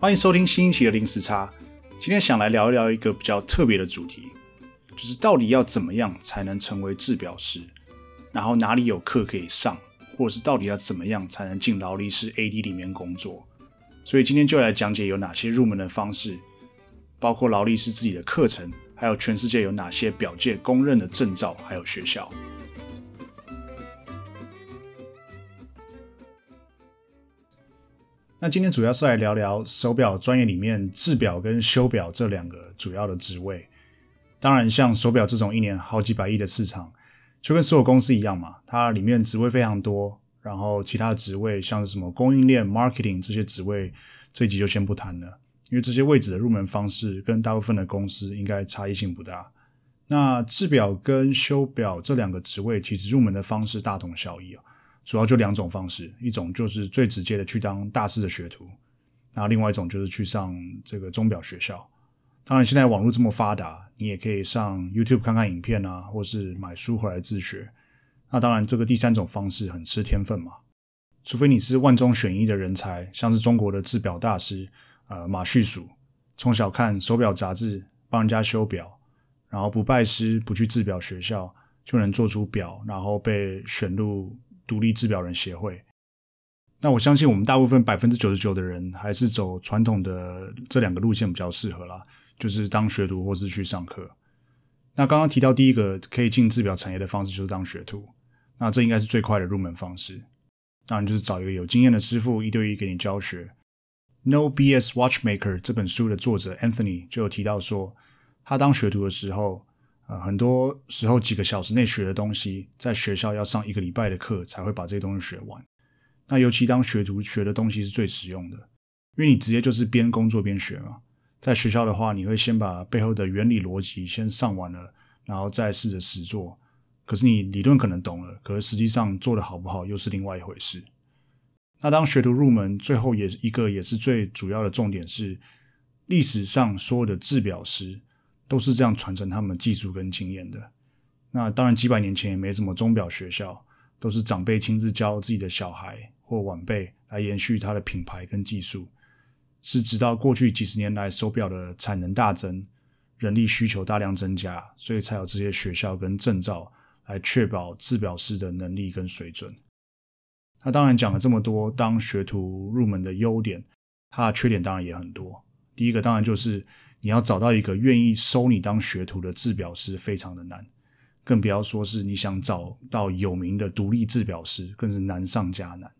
歡迎收聽新一期的零時差。今天想來聊一聊一個比較特別的主題，就是到底要怎麼樣才能成為製錶師，然後哪裡有課可以上，或者是到底要怎麼樣才能進勞力士 AD 裡面工作。所以今天就來講解有哪些入門的方式，包括勞力士自己的課程，還有全世界有哪些錶界公認的證照，還有學校。那今天主要是來聊聊手表專業裡面制表跟修表這兩個主要的職位。當然，像手表這種一年好幾百億的市場，就跟所有公司一樣嘛，它裡面職位非常多。然後其他的職位，像是什麼供應鏈、marketing 這些職位，這一集就先不談了，因為這些位置的入門方式跟大部分的公司應該差異性不大。那制表跟修表這兩個職位，其實入門的方式大同小異啊。主要就兩種方式，一種就是最直接的去當大師的學徒，那另外一種就是去上這個鐘錶學校。當然，現在網絡這麼發達，你也可以上 YouTube 看看影片啊，或是買書回來自學。那當然，這個第三種方式很吃天分嘛，除非你是萬中選一的人才，像是中國的製錶大師啊、呃、馬旭曙，從小看手錶雜誌，幫人家修錶，然後不拜師、不去製錶學校，就能做出錶，然後被選入。獨立製錶人協會。那我相信我們大部分百分之九十九的人還是走傳統的這兩個路線比較適合啦，就是當學徒或是去上課。那剛剛提到第一個可以進製錶產業的方式就是當學徒，那這應該是最快的入門方式。那你就是找一個有經驗的師傅一對一給你教學。《No BS Watchmaker》這本書的作者 Anthony 就有提到說，他當學徒的時候。啊，很多時候幾個小時內學的東西，在學校要上一個禮拜的課才會把這些東西學完。那尤其當學徒學的東西是最實用的，因為你直接就是邊工作邊學嘛。在學校的話，你會先把背後的原理邏輯先上完了，然後再試着實做。可是你理論可能懂了，可是實際上做得好不好又是另外一回事。那當學徒入門，最後也一個也是最主要的重點是，歷史上所有的制表師。都是這樣傳承他們的技術跟經驗的。那當然，幾百年前也沒什麼鐘錶學校，都是長輩親自教自己的小孩或晚輩來延續他的品牌跟技術。是直到過去幾十年來，手錶的產能大增，人力需求大量增加，所以才有這些學校跟證照來確保製錶師的能力跟水準。那當然講了這麼多，當學徒入門的優點，它的缺點當然也很多。第一個當然就是。你要找到一個願意收你當學徒的製錶師非常的難，更不要說是你想找到有名的獨立製錶師，更是難上加難。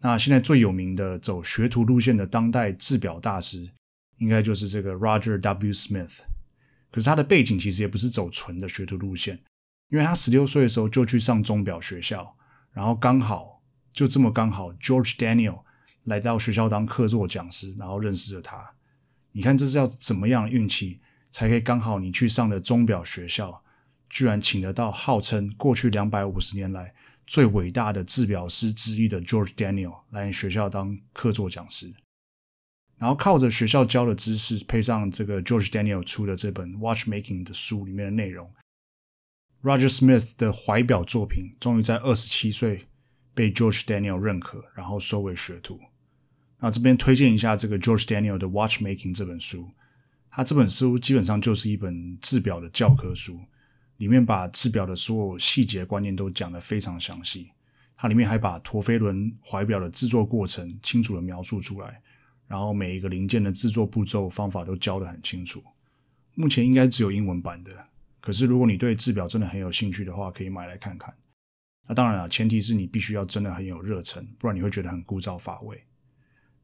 那現在最有名的走學徒路線的當代製錶大師，應該就是這個 Roger W. Smith。可是他的背景其實也不是走純的學徒路線，因為他十六歲的時候就去上鐘錶學校，然後剛好就這麼剛好，George Daniel 來到學校當客座講師，然後認識了他。你看，這是要怎麼樣運氣，才可以剛好你去上的鐘錶學校，居然請得到號稱過去兩百五十年來最偉大的製錶師之一的 George Daniel 來學校當客座講師，然後靠着學校教的知識，配上這個 George Daniel 出的這本 Watchmaking 的書裡面的內容，Roger Smith 的懷錶作品終於在二十七歲被 George Daniel 認可，然後收為學徒。那這邊推薦一下這個 George Daniel 的《Watchmaking》這本書，他這本書基本上就是一本製錶的教科書，裡面把製錶的所有細節觀念都講得非常詳細。它裡面還把陀飛輪懷錶的制作過程清楚地描述出來，然後每一個零件的制作步驟方法都教得很清楚。目前應該只有英文版的，可是如果你對製錶真的很有興趣的話，可以買來看看。那當然啊，前提是你必須要真的很有熱忱，不然你會覺得很枯燥乏味。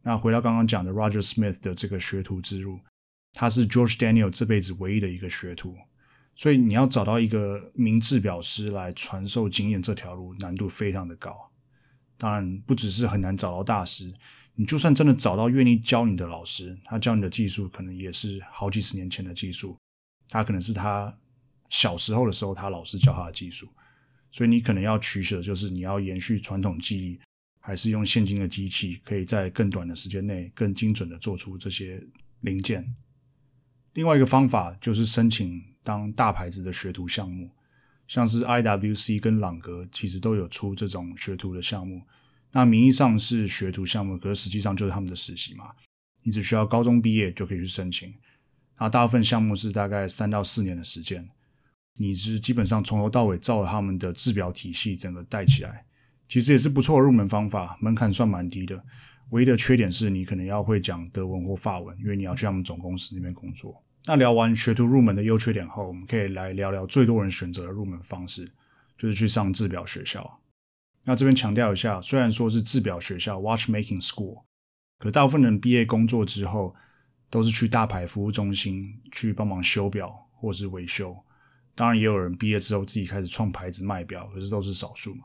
那回到剛剛講的 Roger Smith 的這個學徒之路，他是 George Daniels 這輩子唯一的一個學徒，所以你要找到一個名製錶師來傳授經驗，這條路難度非常的高。當然，不只是很難找到大師，你就算真的找到願意教你的老師，他教你的技術可能也是好幾十年前的技術，他可能是他小時候的時候他老師教他的技術，所以你可能要取捨，就是你要延續傳統技藝。還是用現今的機器，可以在更短的時間內，更精準地做出這些零件。另外一個方法就是申請當大牌子的學徒項目，像是 IWC 跟朗格其實都有出這種學徒的項目。那名義上是學徒項目，可實際上就是他們的實習嘛。你只需要高中畢業就可以去申請。那大部分項目是大概三到四年的時間，你是基本上從頭到尾照著他們的製錶體系整個帶起來。其實也是不錯的入門方法，門檻算蠻低的。唯一的缺點是你可能要會講德文或法文，因為你要去他們總公司那邊工作。那聊完學徒入門的優缺點後，我們可以來聊聊最多人選擇的入門方式，就是去上制表學校。那這邊強調一下，雖然說是制表學校 （Watchmaking School），可大部分人畢業工作之後都是去大牌服務中心去幫忙修表或是維修。當然，也有人畢業之後自己開始創牌子賣表，可、就是都是少數嘛。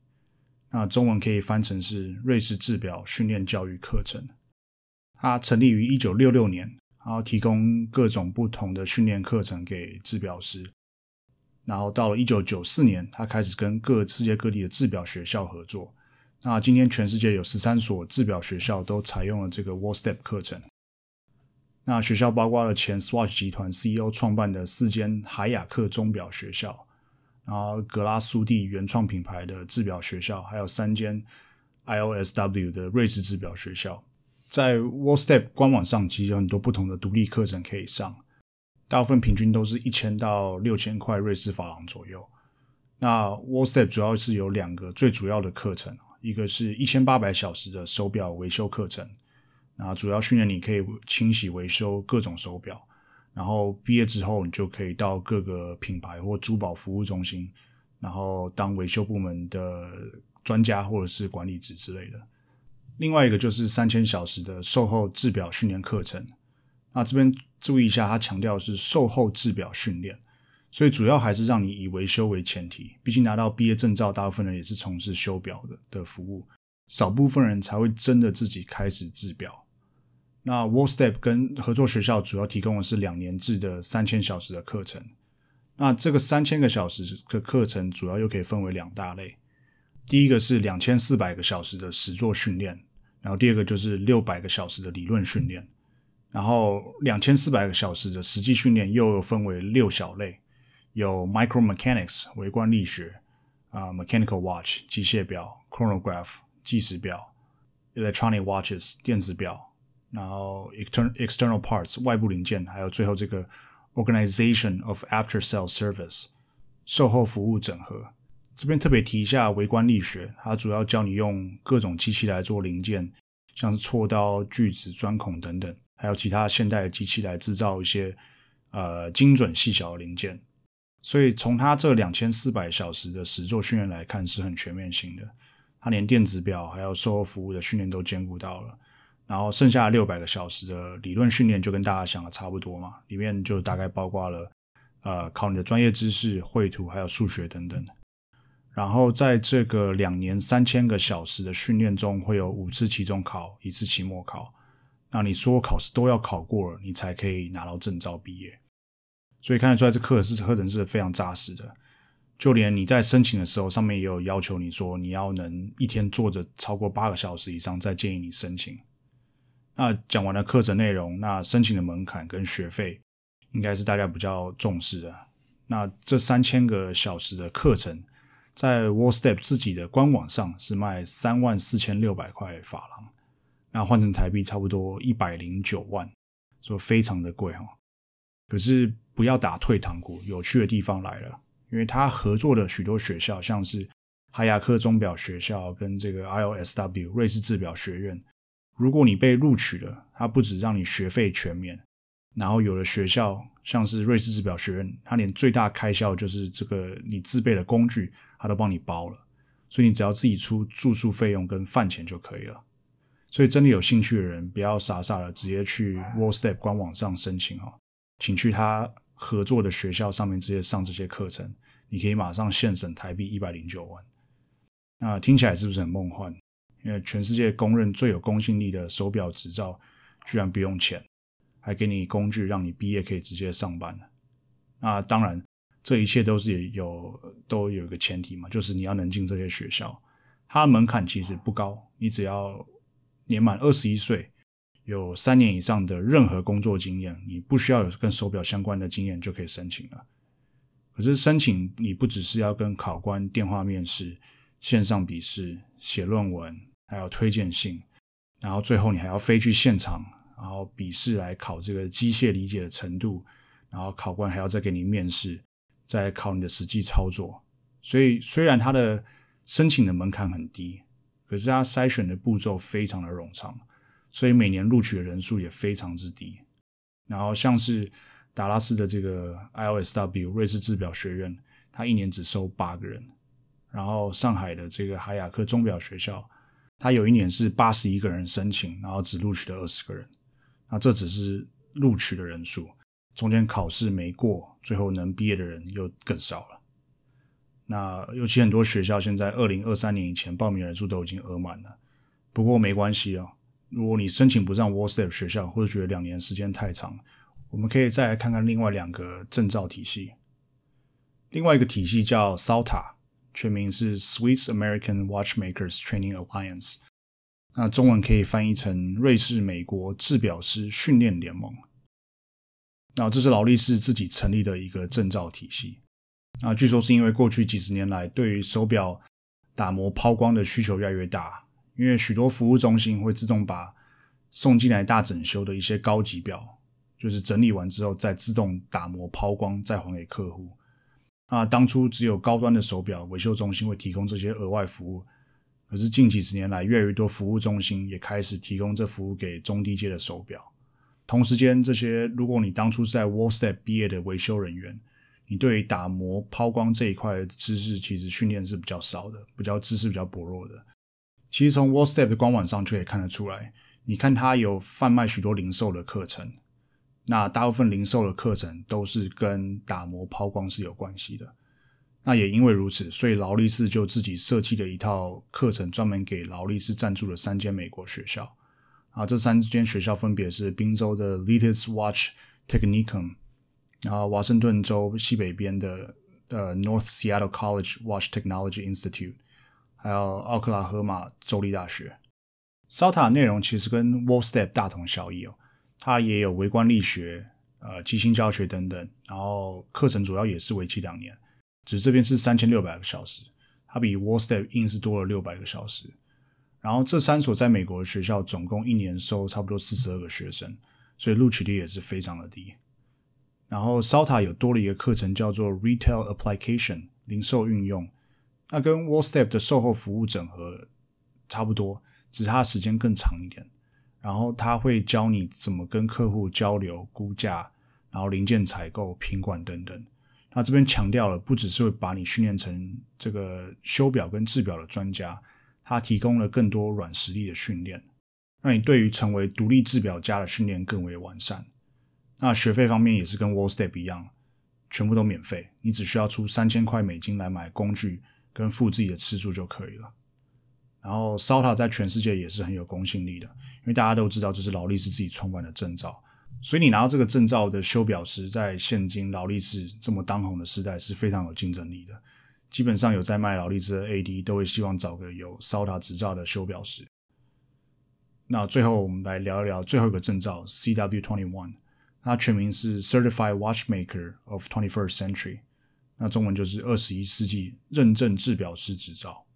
那中文可以翻成是瑞士制表訓練教育課程。它成立於一九六六年，然後提供各種不同的訓練課程給制表師。然後到了一九九四年，他開始跟各世界各地的制表學校合作。那今天全世界有十三所制表學校都採用了這個 WOSTEP 課程。那學校包括了前 Swatch 集團 CEO 創辦的四間海雅克鐘表學校。啊，然後格拉蘇蒂原創品牌的制表學校，還有三間 I O S W 的瑞士制表學校，在 WOSTEP 官網上其實有很多不同的獨立課程可以上，大部分平均都是一千到六千塊瑞士法郎左右。那 WOSTEP 主要是有兩個最主要的課程，一個是一千八百小時的手表維修課程，啊，主要訓練你可以清洗、維修各種手表。然後畢業之後，你就可以到各個品牌或珠寶服務中心，然後當維修部門的專家或者是管理職之類的。另外一個就是三千小時的售後製錶訓練課程。那這邊注意一下，它強調的是售後製錶訓練，所以主要還是讓你以維修為前提。畢竟拿到畢業證照，大部分人也是從事修錶的的服務，少部分人才會真的自己開始製錶。那 WOSTEP 跟合作學校主要提供的是兩年制的三千小時的課程。那這個三千個小時的課程主要又可以分為兩大類：第一個是兩千四百個小時的實作訓練，然後第二個就是六百個小時的理論訓練。然後兩千四百個小時的實際訓練又，又分為六小類，有 Micro Mechanics 微觀力學啊，Mechanical Watch 機械錶，Chronograph 計時錶，Electronic Watches 電子錶。然後 external external parts 外部零件，還有最後這個 organization of after sales service 售後服務整合。這邊特別提一下微觀力學，它主要教你用各種機器來做零件，像是銼刀、鋸子、鑽孔等等，還有其他現代的機器來製造一些呃精準細小的零件。所以從它這兩千四百小時的實作訓練來看，是很全面性的。它連電子錶還有售後服務的訓練都兼顧到了。然後剩下六百個小時的理論訓練就跟大家想的差不多嘛，裡面就大概包括了，呃，考你的專業知識、繪圖還有數學等等。然後在這個兩年三千個小時的訓練中，會有五次期中考，一次期末考。那你說考試都要考過了，你才可以拿到證照畢業。所以看得出來這課是課程是非常扎實的。就連你在申請的時候，上面也有要求你說你要能一天坐着超過八個小時以上，再建議你申請。那講完了課程內容，那申請的門檻跟學費應該是大家比較重視的。那這三千個小時的課程，在 WOSTEP 自己的官網上是賣三萬四千六百塊法郎，那換成台幣差不多一百零九萬，所以非常的貴哦。可是不要打退堂鼓，有趣的地方來了，因為他合作的許多學校，像是哈雅克鐘錶學校跟這個 IOSW 瑞士製錶學院。如果你被錄取了，他不止讓你學費全免，然後有的學校像是瑞士製錶學院，他連最大開銷就是這個你自備的工具，他都幫你包了，所以你只要自己出住宿費用跟飯錢就可以了。所以真的有興趣的人，不要傻傻的直接去 WOSTEP 官網上申請哈，請去他合作的學校上面直接上這些課程，你可以馬上現省台幣一百零九萬。那聽起來是不是很夢幻？因為全世界公認最有公信力的手表執照，居然不用錢，還給你工具，讓你畢業可以直接上班。那當然，這一切都是有都有一個前提嘛，就是你要能進這些學校。它門檻其實不高，你只要年滿二十一歲，有三年以上的任何工作經驗，你不需要有跟手表相關的經驗就可以申請了。可是申請你不只是要跟考官電話面試、線上筆試、寫論文。還有推薦信，然後最後你還要飛去現場，然後筆試來考這個機械理解的程度，然後考官還要再給你面試，再考你的實際操作。所以雖然它的申請的門檻很低，可是它篩選的步驟非常的冗長，所以每年錄取的人數也非常之低。然後像是達拉斯的這個 IOSW 瑞士製錶學院，它一年只收八個人，然後上海的這個海雅克鐘錶學校。他有一年是八十一個人申請，然後只錄取了二十個人。那這只是錄取的人數，中間考試沒過，最後能畢業的人又更少了。那尤其很多學校現在二零二三年以前報名人數都已經額滿了。不過沒關係哦，如果你申請不上 WOSTEP 學校，或者覺得兩年時間太長，我們可以再來看看另外兩個證照體系。另外一個體系叫 SAWTA。全名是 Swiss American Watchmakers Training Alliance，那中文可以翻譯成瑞士美國製錶師訓練聯盟。那這是勞力士自己成立的一個證照體系。那據說是因為過去幾十年來，對於手錶打磨拋光的需求越來越大，因為許多服務中心會自動把送進來大整修的一些高級錶，就是整理完之後再自動打磨拋光，再還給客戶。那、啊、當初只有高端的手表維修中心會提供這些額外服務，可是近幾十年來，越來越多服務中心也開始提供這服務給中低階的手表。同時間，這些如果你當初是在 WOSTEP 畢業的維修人員，你對於打磨拋光這一塊的知識，其實訓練是比較少的，比較知識比較薄弱的。其實從 WOSTEP 的官網上就可以看得出來，你看它有販賣許多零售的課程。那大部分零售的課程都是跟打磨拋光是有關係的。那也因為如此，所以勞力士就自己設計了一套課程，專門給勞力士贊助了三間美國學校。啊，這三間學校分別是賓州的 Lititz Watch Technicum，然後華盛頓州西北邊的呃 North Seattle College Watch Technology Institute，還有奧克拉荷馬州立大學。SAWTA 內容其實跟 WOSTEP 大同小異哦。它也有微觀力學、呃，機芯教學等等，然後課程主要也是為期兩年，只這邊是三千六百個小時，它比 WOSTEP 硬是多了六百個小時。然後這三所在美國的學校總共一年收差不多四十二個學生，所以錄取率也是非常的低。然後 SAWTA 有多了一個課程叫做 Retail Application 零售運用，那跟 WOSTEP 的售後服務整合差不多，只是它時間更長一點。然後他會教你怎麼跟客戶交流、估價，然後零件採購、品管等等。那這邊強調了，不只是會把你訓練成這個修錶跟制表的專家，他提供了更多軟實力的訓練，讓你對於成為獨立制表家的訓練更為完善。那學費方面也是跟 WOSTEP 一樣，全部都免費，你只需要出三千塊美金來買工具跟付自己的吃住就可以了。然後 SAWTA 在全世界也是很有公信力的，因為大家都知道這是勞力士自己創辦的證照，所以你拿到這個證照的修表師，在現今勞力士這麼當紅的時代是非常有競爭力的。基本上有在賣勞力士的 AD 都會希望找個有 SAWTA 執照的修表師。那最後我們來聊一聊最後一個證照，CW Twenty One，它全名是 Certified Watchmaker of Twenty First Century，那中文就是二十一世紀認證制表師執照。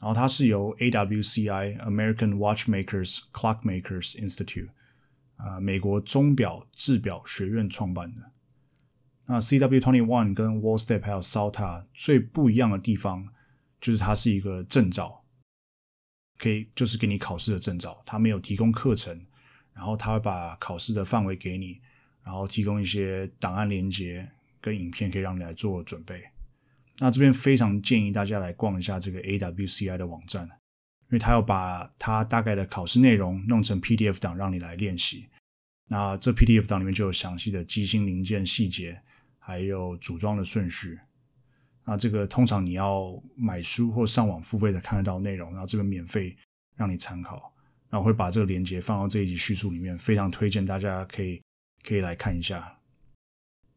然後它是由 AWCI (American Watchmakers Clockmakers Institute) 啊、呃、美國鐘錶製錶學院創辦的。那 CW21 跟 WOSTEP 還有 SAWTA 最不一樣的地方，就是它是一個證照，可以就是給你考試的證照。他沒有提供課程，然後他會把考試的範圍給你，然後提供一些檔案鏈接跟影片，可以讓你來做準備。那這邊非常建議大家來逛一下這個 AWCI 的網站，因為他要把他大概的考試內容弄成 PDF 檔讓你來練習。那這 PDF 檔裡面就有詳細的機芯零件細節，還有組裝的順序。那這個通常你要買書或上網付費才看得到內容，然後這邊免費讓你參考。然後會把這個連接放到這一集敘述裡面，非常推薦大家可以可以來看一下。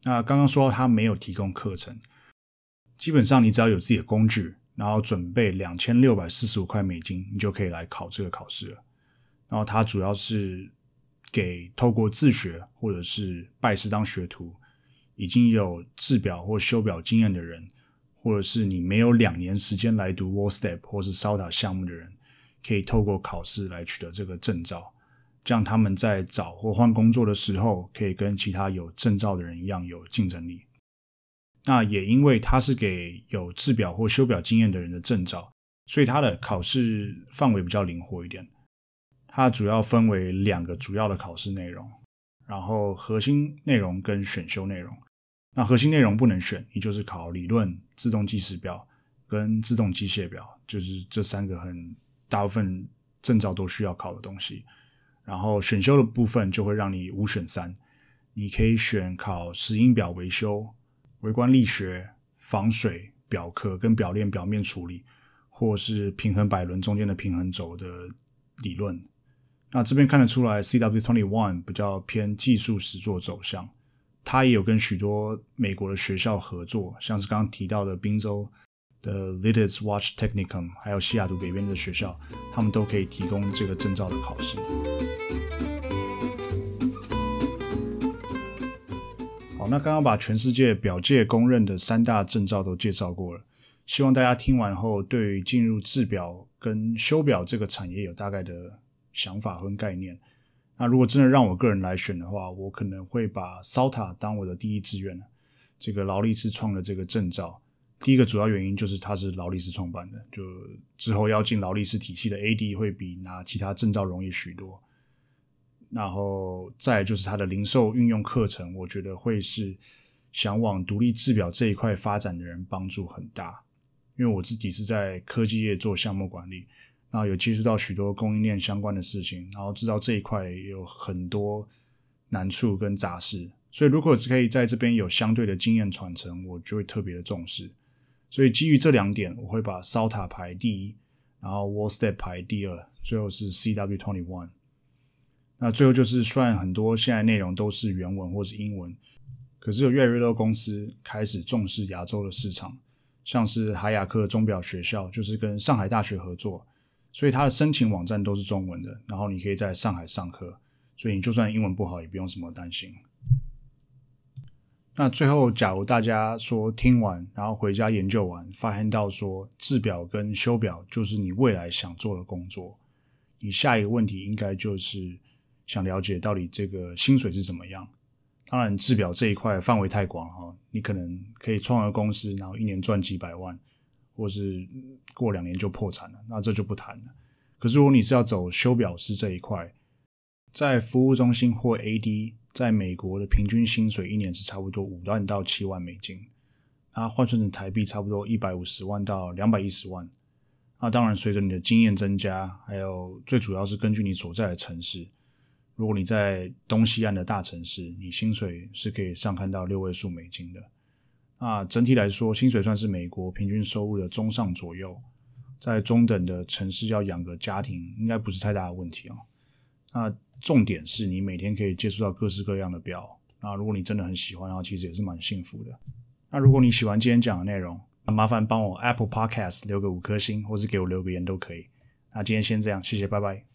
那剛剛說到他沒有提供課程。基本上，你只要有自己的工具，然後準備兩千六百四十五塊美金，你就可以來考這個考試了。然後它主要是給透過自學或者是拜師當學徒，已經有製錶或修錶經驗的人，或者是你沒有兩年時間來讀 WOSTEP 或是 SAWTA 項目的人，可以透過考試來取得這個證照，這樣他們在找或換工作的時候，可以跟其他有證照的人一樣有競爭力。那也因為它是給有製錶或修錶經驗的人的證照，所以它的考試範圍比較靈活一點。它主要分為兩個主要的考試內容，然後核心內容跟選修內容。那核心內容不能選，你就是考理論、自動計時錶跟自動機械錶，就是這三個很大部分證照都需要考的東西。然後選修的部分就會讓你五選三，你可以選考石英錶維修。微觀力學、防水、錶殼跟錶鏈表面處理，或是平衡擺輪中間的平衡軸的理論。那這邊看得出來，CW21 比較偏技術實作走向。它也有跟許多美國的學校合作，像是剛剛提到的賓州的 Lititz Watch Technicum，還有西雅圖北邊的學校，他們都可以提供這個證照的考試。那剛剛把全世界錶界公認的三大證照都介紹過了，希望大家聽完後對進入製錶跟修錶這個產業有大概的想法和概念。那如果真的讓我個人來選的話，我可能會把 SAWTA 當我的第一志願。這個勞力士創的這個證照，第一個主要原因就是它是勞力士創辦的，就之後要進勞力士體系的 AD 會比拿其他證照容易許多。然後再來就是它的零售運用課程，我覺得會是想往獨立製表這一塊發展的人幫助很大。因為我自己是在科技業做項目管理，然後有接觸到許多供應鏈相關的事情，然後知道這一塊有很多難處跟雜事，所以如果可以在這邊有相對的經驗傳承，我就會特別的重視。所以基於這兩點，我會把 SAWTA 排第一，然後 WOSTEP 排第二，最後是 CW21。那最後就是，雖然很多現在內容都是原文或是英文，可是有越來越多公司開始重視亞洲的市場，像是海雅克鐘錶學校，就是跟上海大學合作，所以它的申請網站都是中文的，然後你可以在上海上課，所以你就算英文不好也不用什麼擔心。那最後，假如大家說聽完，然後回家研究完，發現到說製錶跟修錶就是你未來想做的工作，你下一個問題應該就是。想了解到底這個薪水是怎麼樣？當然，製錶這一塊範圍太廣哈。你可能可以創個公司，然後一年賺幾百萬，或是過兩年就破產了，那這就不談了。可是如果你是要走修錶師這一塊，在服務中心或 AD，在美國的平均薪水一年是差不多五萬到七萬美金，啊，換算成台幣差不多一百五十萬到兩百一十萬。那當然，隨着你的經驗增加，還有最主要是根據你所在的城市。如果你在東西岸的大城市，你薪水是可以上看到六位數美金的。那整體來說，薪水算是美國平均收入的中上左右。在中等的城市要養個家庭，應該不是太大的問題哦。那重點是你每天可以接觸到各式各樣的錶。那如果你真的很喜歡的話，其實也是蠻幸福的。那如果你喜歡今天講的內容，麻煩幫我 Apple Podcast 留個五顆星，或是給我留個言都可以。那今天先這樣，謝謝，拜拜。